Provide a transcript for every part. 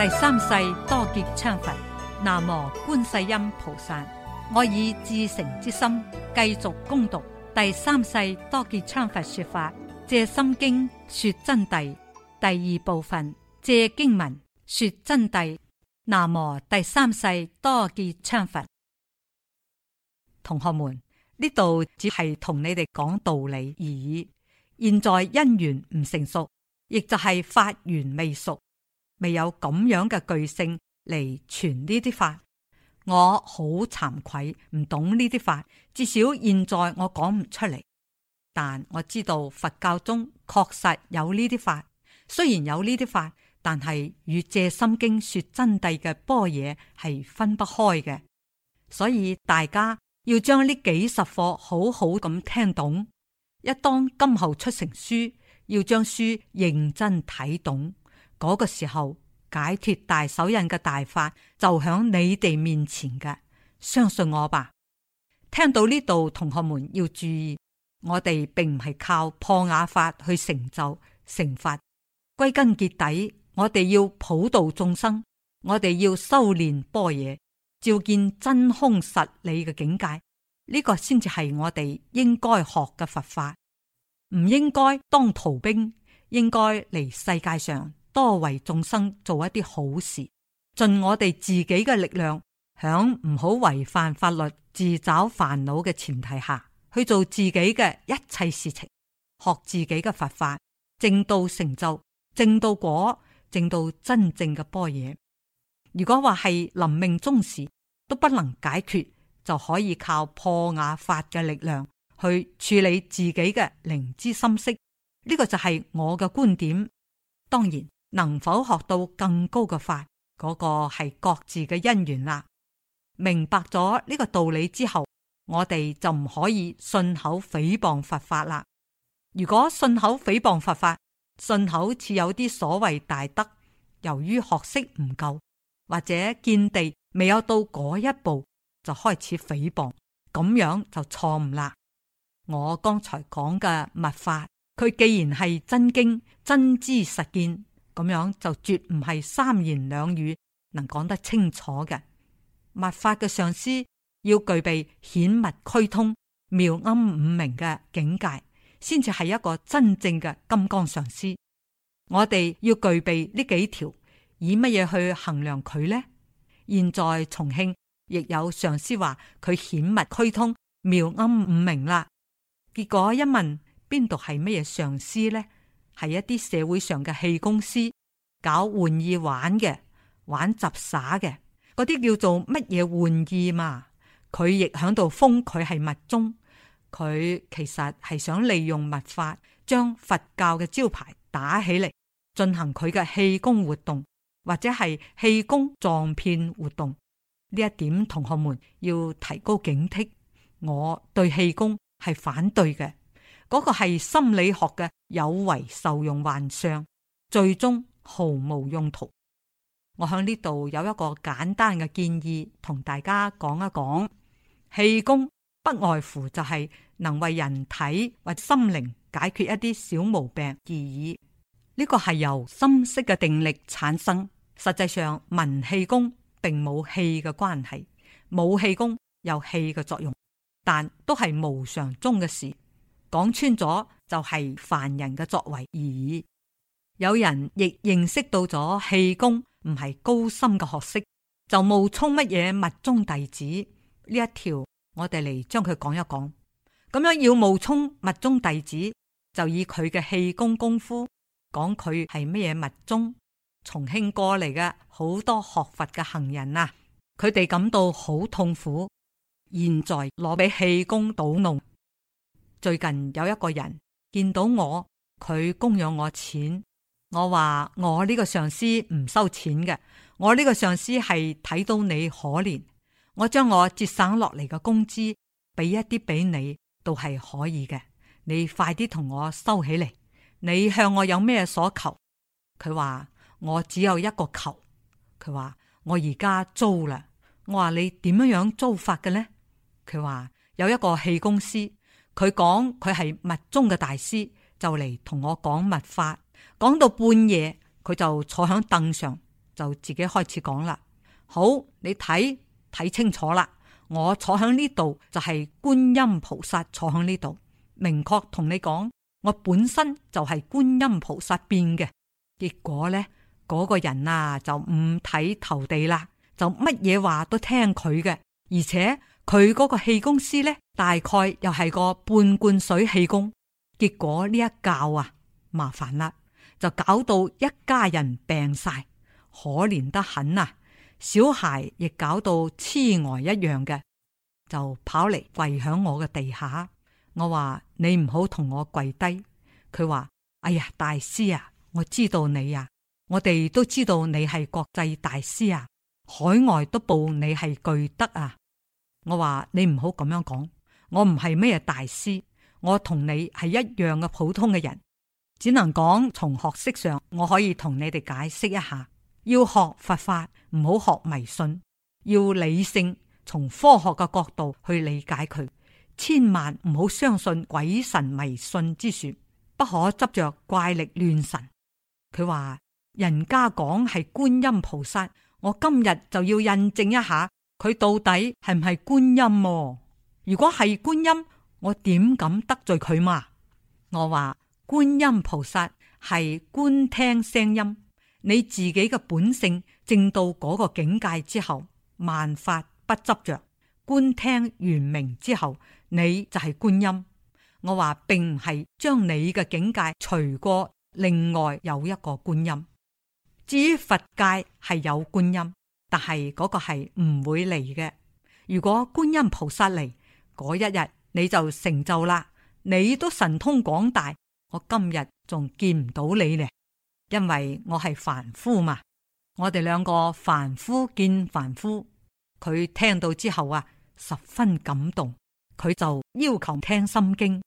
第三世多杰羌佛，南無觀世音菩薩。我以至誠之心繼續攻讀第三世多杰羌佛說法，藉心經說真諦第二部分，藉經文說真諦。南無第三世多杰羌佛。同學們，呢度只係同你哋講道理而已。現在因緣唔成熟，亦就係法緣未熟。未有咁樣嘅巨星嚟傳呢啲法，我好慚愧，唔懂呢啲法。至少現在我講唔出嚟，但我知道佛教中確實有呢啲法。雖然有呢啲法，但係與《藉心經》說真諦嘅般若係分不開嘅。所以大家要將呢幾十課好好咁聽懂，一當今後出成書，要將書認真睇懂。嗰個時候解脱大手印嘅大法就響你哋面前嘅，相信我吧。聽到呢度，同學們要注意，我哋並唔係靠破瓦法去成就成法，歸根結底，我哋要普度眾生，我哋要修煉般若，照見真空實理嘅境界，呢、這個先至係我哋應該學嘅佛法，唔應該當逃兵，應該嚟世界上。多為眾生做一啲好事，盡我哋自己嘅力量，響唔好違反法律、自找煩惱嘅前提下，去做自己嘅一切事情，學自己嘅佛法，正到成就正到果，正到真正嘅般若。如果話係臨命終時都不能解決，就可以靠破瓦法嘅力量去處理自己嘅靈知心識。呢、這個就係我嘅觀點。當然。能否學到更高嘅法？嗰、那個係各自嘅因緣啦。明白咗呢個道理之後，我哋就唔可以信口誹謗佛法啦。如果信口誹謗佛法，信口似有啲所謂大德，由於學識唔夠或者見地未有到嗰一步，就開始誹謗，咁樣就錯誤啦。我剛才講嘅密法，佢既然係真經，真知實見。咁樣就絕唔係三言兩語能講得清楚嘅。密法嘅上師要具備顯密圓通、妙諳五明嘅境界，先至係一個真正嘅金剛上師。我哋要具備呢幾條，以乜嘢去衡量佢呢？現在重慶亦有上師話佢顯密圓通、妙諳五明啦，結果一問邊度係乜嘢上師呢？係一啲社會上嘅氣功師搞玩意玩嘅，玩雜耍嘅，嗰啲叫做乜嘢玩意嘛？佢亦響度封佢係密宗，佢其實係想利用密法將佛教嘅招牌打起嚟，進行佢嘅氣功活動或者係氣功撞騙活動。呢一點同學們要提高警惕。我對氣功係反對嘅。嗰個係心理學嘅有為受用幻象，最終毫無用途。我向呢度有一個簡單嘅建議，同大家講一講，氣功不外乎就係能為人體或心靈解決一啲小毛病而已。呢、這個係由心識嘅定力產生，實際上文氣功並冇氣嘅關係，冇氣功有氣嘅作用，但都係無常中嘅事。講穿咗，就係凡人嘅作為而已。有人亦認識到咗氣功唔係高深嘅學識，就冒充乜嘢密宗弟子呢一條，我哋嚟將佢講一講。咁樣要冒充密宗弟子，就以佢嘅氣功功夫講佢係乜嘢密宗重慶過嚟嘅。好多學佛嘅行人啊，佢哋感到好痛苦，現在攞俾氣功搗弄。最近有一個人見到我，佢供養我錢。我話我呢個上司唔收錢嘅，我呢個上司係睇到你可憐，我將我節省落嚟嘅工資俾一啲俾你都係可以嘅。你快啲同我收起嚟。你向我有咩所求？佢話我只有一個求。佢話我而家租啦。我話你點樣租法嘅呢？佢話有一個戲公司。佢講佢係密宗嘅大師，就嚟同我講密法，講到半夜，佢就坐喺凳上，就自己開始講啦。好，你睇睇清楚啦，我坐喺呢度就係、是、觀音菩薩坐喺呢度，明確同你講，我本身就係觀音菩薩變嘅。結果呢，嗰、那個人啊就五體投地啦，就乜嘢話都聽佢嘅，而且。佢嗰個氣功師呢，大概又係個半罐水氣功。結果呢一教啊，麻煩啦，就搞到一家人病晒，可憐得很啊。小孩亦搞到痴呆一樣嘅，就跑嚟跪響我嘅地下。我話你唔好同我跪低。佢話：哎呀，大師啊，我知道你啊，我哋都知道你係國際大師啊，海外都報你係巨德啊。我話你唔好咁樣講，我唔係咩大師，我同你係一樣嘅普通嘅人，只能講從學識上我可以同你哋解釋一下，要學佛法，唔好學迷信，要理性，從科學嘅角度去理解佢，千萬唔好相信鬼神迷信之說，不可執着怪力亂神。佢話人家講係觀音菩薩，我今日就要印證一下。佢到底係唔係觀音，哦？如果係觀音，我點敢得罪佢嘛？我話觀音菩薩係觀聽聲音，你自己嘅本性正到嗰個境界之後，萬法不執着，觀聽圓明之後，你就係觀音。我話並唔係將你嘅境界除過另外有一個觀音。至於佛界係有觀音。但係嗰、那個係唔會嚟嘅。如果觀音菩薩嚟嗰一日，你就成就啦。你都神通廣大，我今日仲見唔到你呢，因為我係凡夫嘛。我哋兩個凡夫見凡夫，佢聽到之後啊，十分感動，佢就要求聽心經。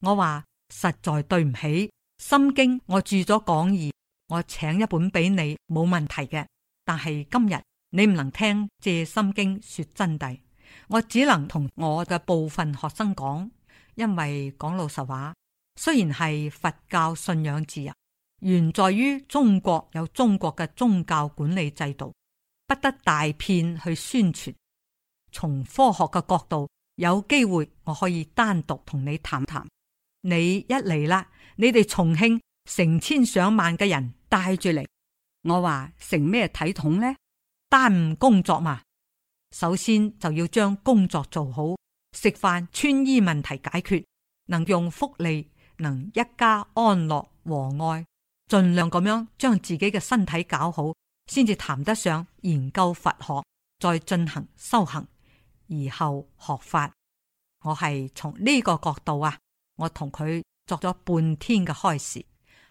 我話實在對唔起，心經我註咗講義，我請一本俾你，冇問題嘅。但係今日你唔能聽《借心經》說真諦，我只能同我嘅部分學生講，因為講老實話，雖然係佛教信仰自由，原在於中國有中國嘅宗教管理制度，不得大片去宣傳。從科學嘅角度，有機會我可以單獨同你談談。你一嚟啦，你哋重慶成千上萬嘅人帶住嚟。我話成咩體統呢？耽誤工作嘛？首先就要將工作做好，食飯、穿衣問題解決，能用福利，能一家安樂和愛，盡量咁樣將自己嘅身體搞好，先至談得上研究佛學，再進行修行，而後學法。我係從呢個角度啊，我同佢作咗半天嘅開示。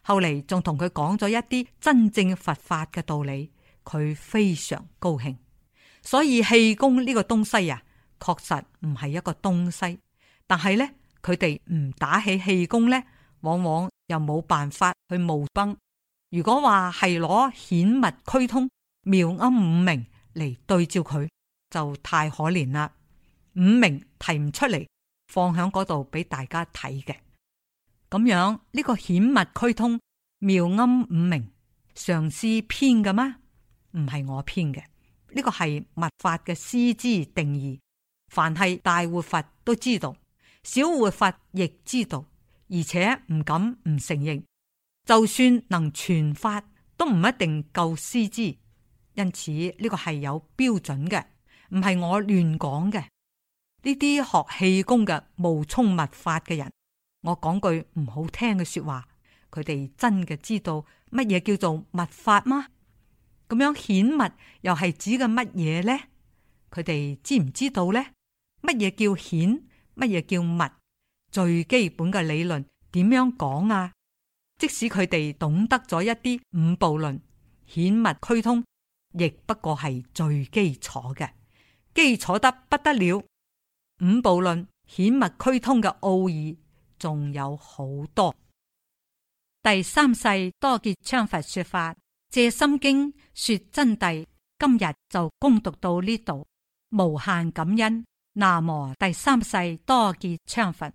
後嚟仲同佢講咗一啲真正佛法嘅道理，佢非常高興。所以氣功呢個東西啊，確實唔係一個東西。但係呢，佢哋唔打起氣功呢，往往又冇辦法去冒崩。如果話係攞顯密圓通妙諳五明嚟對照佢，就太可憐啦。五明提唔出嚟，放喺嗰度俾大家睇嘅。咁樣呢、這個顯密俱通妙諳五明常師編嘅嗎？唔係我編嘅，呢，這個係密法嘅師資定義。凡係大活佛都知道，小活佛亦知道，而且唔敢唔承認。就算能傳法，都唔一定夠師資。因此呢個係有標準嘅，唔係我亂講嘅。呢啲學氣功嘅冒充密法嘅人。我講句唔好聽嘅說話，佢哋真嘅知道乜嘢叫做密法嗎？咁樣顯密又係指嘅乜嘢呢？佢哋知唔知道呢？乜嘢叫顯？乜嘢叫密？最基本嘅理論點樣講啊？即使佢哋懂得咗一啲五部論顯密俱通，亦不過係最基礎嘅基礎得不得了。五部論顯密俱通嘅奧義。仲有好多，第三世多杰羌佛說法，借心經說真諦。今日就恭讀到呢度，無限感恩。南無第三世多杰羌佛。